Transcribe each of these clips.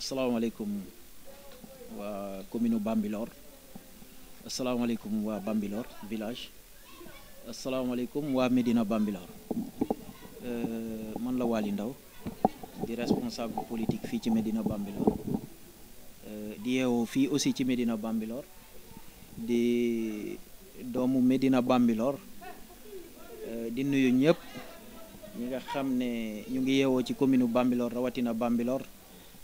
asalaamaaleykum waa commune u Bambilor asalaamaaleykum waa Bambilor village asalaamaaleykum waa Médina Bambilor euh, man la Waly ndaw di responsable politique fii ci Médina Bambilor euh, di yeewoo fii aussi ci medina Bambilor di doomu Médina Bambilor euh, di nuyu ñëpp ñi nga xam ne ñu ngi yeewoo ci commune u Bambilor rawatina Bambilor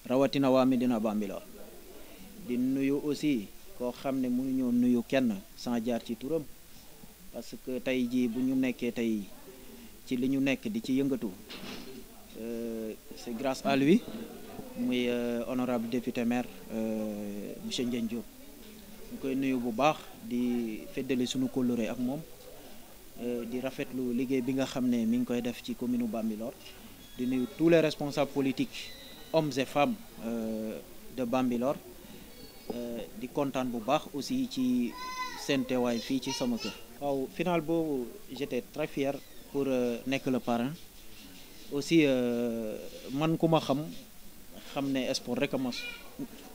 rawatina wa Medina Bambilor di nuyu aussi ko xam ne mënuñoo nuyu kenn sans jaar ci turam parce que tay ji bu ñu nekkee tay ci li ñu nekk di ci yëngatu euh, c'est grâce à lui muy euh, honorable député maire euh, monsieur Ndiagne Diop ñu koy nuyu bu baax di feddali suñu kóllëre ak euh di rafetlu liggéey bi nga xam mi ngi koy def ci commune Bambilor di nuyu tous les responsables politiques hommes et femmes euh, de Bambilor. Je content de aussi de Sente Waifi et de Samoke. Au final, j'étais très fier pour pas euh, être le parrain. Aussi, je euh, sais que l'espoir espoir recommence.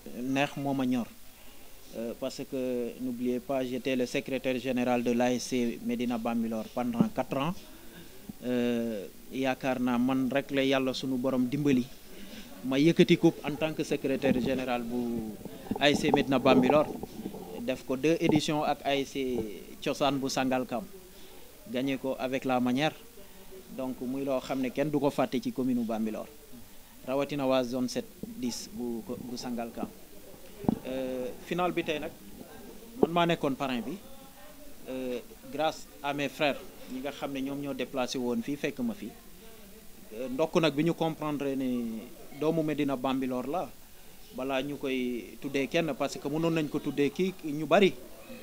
Je suis un Parce que, n'oubliez pas, j'étais le secrétaire général de l'ASC Medina Bambilor pendant 4 ans. Euh, yakarna man rek la yalla sunu borom dimbali ma yëkëti ko en tant que secrétaire général bu ASC Medina Bambilor def ko deux éditions ak ASC cosaan bu Sangalkam gagné ko avec la manière donc muy lo xamné kenn duko faté ci commune Bambilor rawatina wa zone 7 10 bu bu Sangalkam euh, final bi tay nak man ma nekkoon parrain bi euh, grâce à mes frères ñi nga xam ne ñoo déplacer woon fi fekk ma fi euh, ndokk nag bi ñu comprendre ne doomu médina bambiloor la balaa ñu koy tuddee kenn parce que mënoon nañ ko tuddee kii ñu bari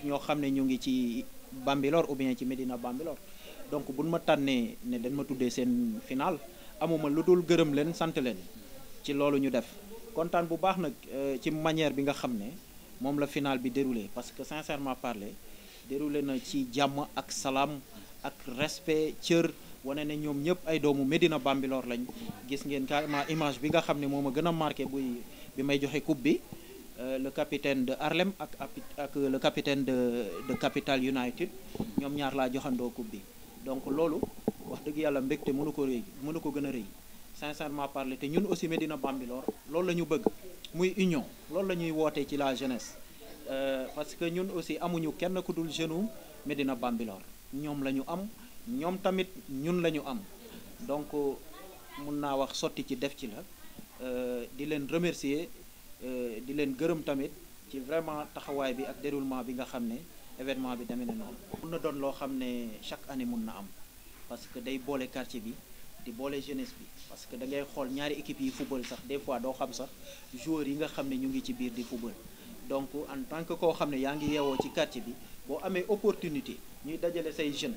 ñoo xam ne ñu ngi ci Bambilor ou bien ci médina bambiloor donc buñ ma tànnee ne dañ ma tuddee seen final amuma lu dul gërëm leen sant leen ci loolu ñu def kontaan bu baax nag euh, ci manière bi nga xam ne moom la final bi déroulé parce que sincèrement parler déroulé na ci jàmm ak salaam ak respect cër. wane ne ñoom ñëpp ay doomu Médina Bambilor lañ gis ngeen carrément image bi nga xam ne moo ma gën a marqué buy bi may joxe coupe bi euh, le capitaine de Harlem ak ak le capitaine de de Capital United ñoom ñaar laa joxandoo coupe bi donc loolu wax dëgg yàlla mbégte mënu ko rëy mënu ko gën a rëy sincèrement parler te ñun aussi Médina Bambilor loolu la ñu bëgg muy union loolu la ñuy wootee ci la jeunesse euh, parce que ñun aussi amuñu kenn ku dul jeune Médina Bambilor ñoom la ñu am ñoom tamit ñun la ñu am donc mun naa wax sotti ci def ci la euh, di leen remercier euh, di leen gërëm tamit ci vraiment taxawaay bi ak déroulement bi nga xam ne événement bi demee na noonu. mun na doon loo xam ne chaque année mun na am parce que day boole quartier bi di boole jeunesse bi parce que da ngay xool ñaari équipe yi football sax des fois doo xam sax joueurs yi nga xam ne ñu ngi ci biir di football donc en tant que koo xam ne yaa ngi yeewoo ci quartier bi boo amee opportunité ñuy dajale say jeunes.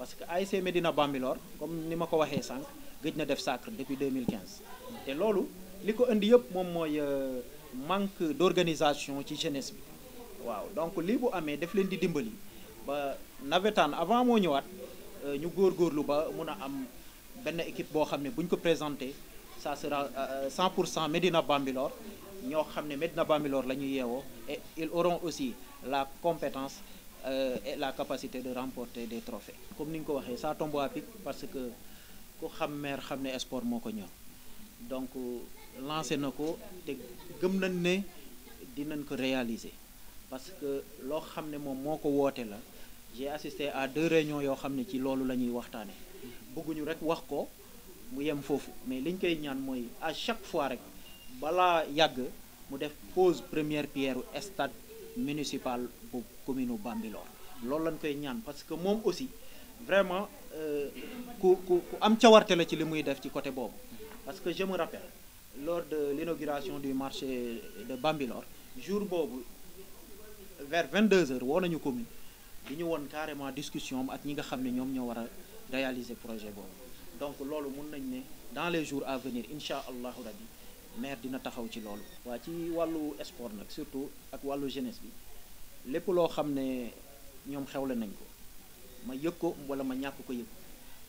parce que AIC Medina Bambilor comme ni ma ko waxee sank gëj na def sacre depuis 2015 Et lolu liko andi indi mom moy euh, manque d'organisation ci jeunesse bi waaw donc li bu amé def len di dimbali ba navetane avant mo ñëwaat euh, ñu lu ba mëna am benn équipe bo xamné ne ko présenter ça sera 100 euh, Medina Bambilor ño xamné Medina Bambilor la yéwo et ils auront aussi la compétence euh, la capacité de remporter des trophées comme ni ñu ko ça tombe à pic parce que ko xam maire xam ne sport moo ko ñor donc euh, lancé na ko te gëm nañ ne dinañ ko réaliser parce que loo xam ne moom moo ko woote la j'ai assisté à deux réunions yoo xam ne ci loolu la ñuy waxtaane bëgguñu rek wax ko mu yem foofu mais liñ koy ñaan mooy à chaque fois rek balaa yàgg mu def pause première pierre stade municipal pour bu commune Bambilor loolu lañ koy ñaan parce que moi aussi vraiment euh, ku ku am cawarte la ci def parce que je me rappelle lors de l'inauguration du marché de Bambilor jour vers 22 h woo nañu commune di ñu carrément discussion ak ñi nga xam ne ñoo réaliser projet boobu donc loolu mun nañ ne dans les jours à venir incha allahu maire dina taxaw ci loolu. waa ci wàllu esport nag surtout ak wàllu jeunesse bi lépp loo xam ne ñoom xewle nañ ko ma yëg ko wala ma ñàkk ko yëg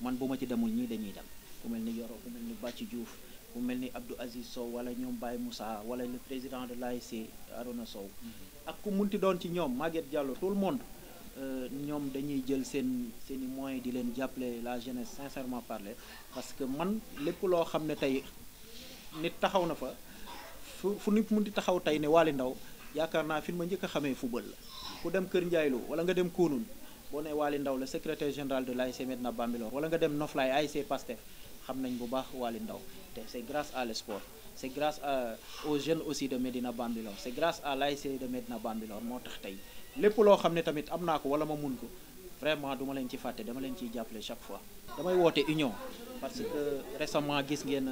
man bu ma ci demul ñii dañuy dem ku mel ni Yoro ku mel ni Bàcci Diouf ku mel ni Abdou Aziz soow wala ñoom Baye Moussa wala le président de l'ASC Arona Sow mm-hmm. ak ku munti doon ci ñoom Maguette Diallo tout le monde euh, ñoom dañuy jël seen seen i moyens di leen jàppale la jeunesse sincèrement parler parce que man lépp loo xam ne tey nit taxaw na fa fu fu nit mu di taxaw tey ne Waly Ndao yaakaar naa fi ma njëkk a xamee football la ku dem Kër Ndiaye Lo wala nga dem Koonoon boo ne Waly Ndao la secrétaire général de l'ASC Médina Bambilor wala nga dem Noflaay ASC Pastef xam nañ bu baax Waly Ndao te c'est grâce à le sport c'est grâce à aux jeunes aussi de Médina Bambilor c'est grâce à l'ASC de Médina Bambilor moo tax tey lépp loo xam ne tamit am naa ko wala ma mun ko vraiment duma leen ci fàtte dama leen ciy jàppale chaque fois damay woote union parce que récemment gis ngeen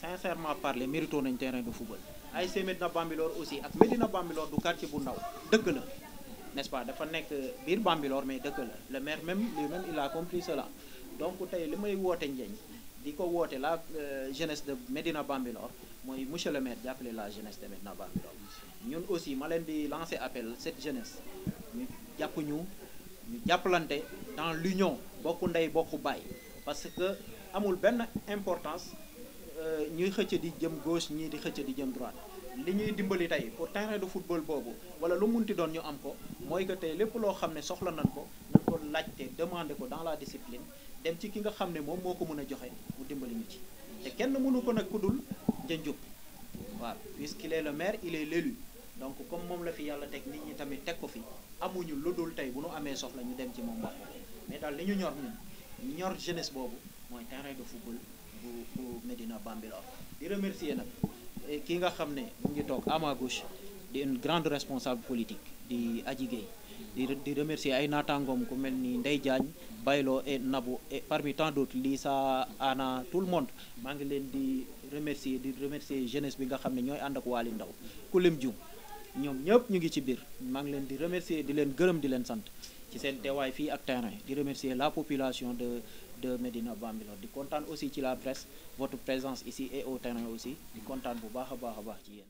sincèrement parler mérito nañ terrain de football Aïsé Médina Bambilor aussi ak Médina Bambilor du quartier bu ndaw n'est-ce pas dafa nek bir Bambilor mais deux la le maire même lui même il a compris cela donc tay limay may ñeñ diko di euh, la jeunesse de Médina Bambilor moy monsieur le maire d'appeler la jeunesse de Médina Bambilor Nous aussi ma leen di lancer appel cette jeunesse Nous avons ñu ñu dans l'union bokku ndey bokku qu'il parce que amul grande importance Euh, ñuy xëcc di jëm gauche ñii di xëcc di jëm droite li ñuy dimbali tey pour terrain de football boobu wala lu munti doon ñu am ko mooy que tey lépp loo xam ne soxla nañ ko nañ ko te demander ko dans la discipline dem ci ki nga xam ne moom moo ko mën a joxe mu dimbali ñu ci te kenn mënu ko nag ku dul njënjub waaw puisqu'il est le maire il est l'élu donc comme moom la fi yàlla teg nit ñi tamit teg ko fi amuñu lu dul tey bu nu amee soxla ñu dem ci moom wax mais daal ñor ñun jeunesse boobu mooy terrain de bu bu Médina Bambilor di remercier nak eh, ki nga xam ngi tok à ma gauche di une grande responsable politique di Adji Gueye di di remercier ay natangom ku melni ni Diagne Baylo et Nabo et parmi tant d'autres Lisa Anna tout le monde Mangi ngi di remercier di remercier jeunesse bi nga xam ne and ak Waly Ndaw ku lim jum ñoom ñu ngi ci bir Mangi ngi di remercier di grum, gërëm di leen sant ci sen téway fi ak terrain di remercier la population de de Médina Bambilor di kontaan aussi ci la presse votre présence ici et au aussi di kontaan bu baax a baax a baax ci yéen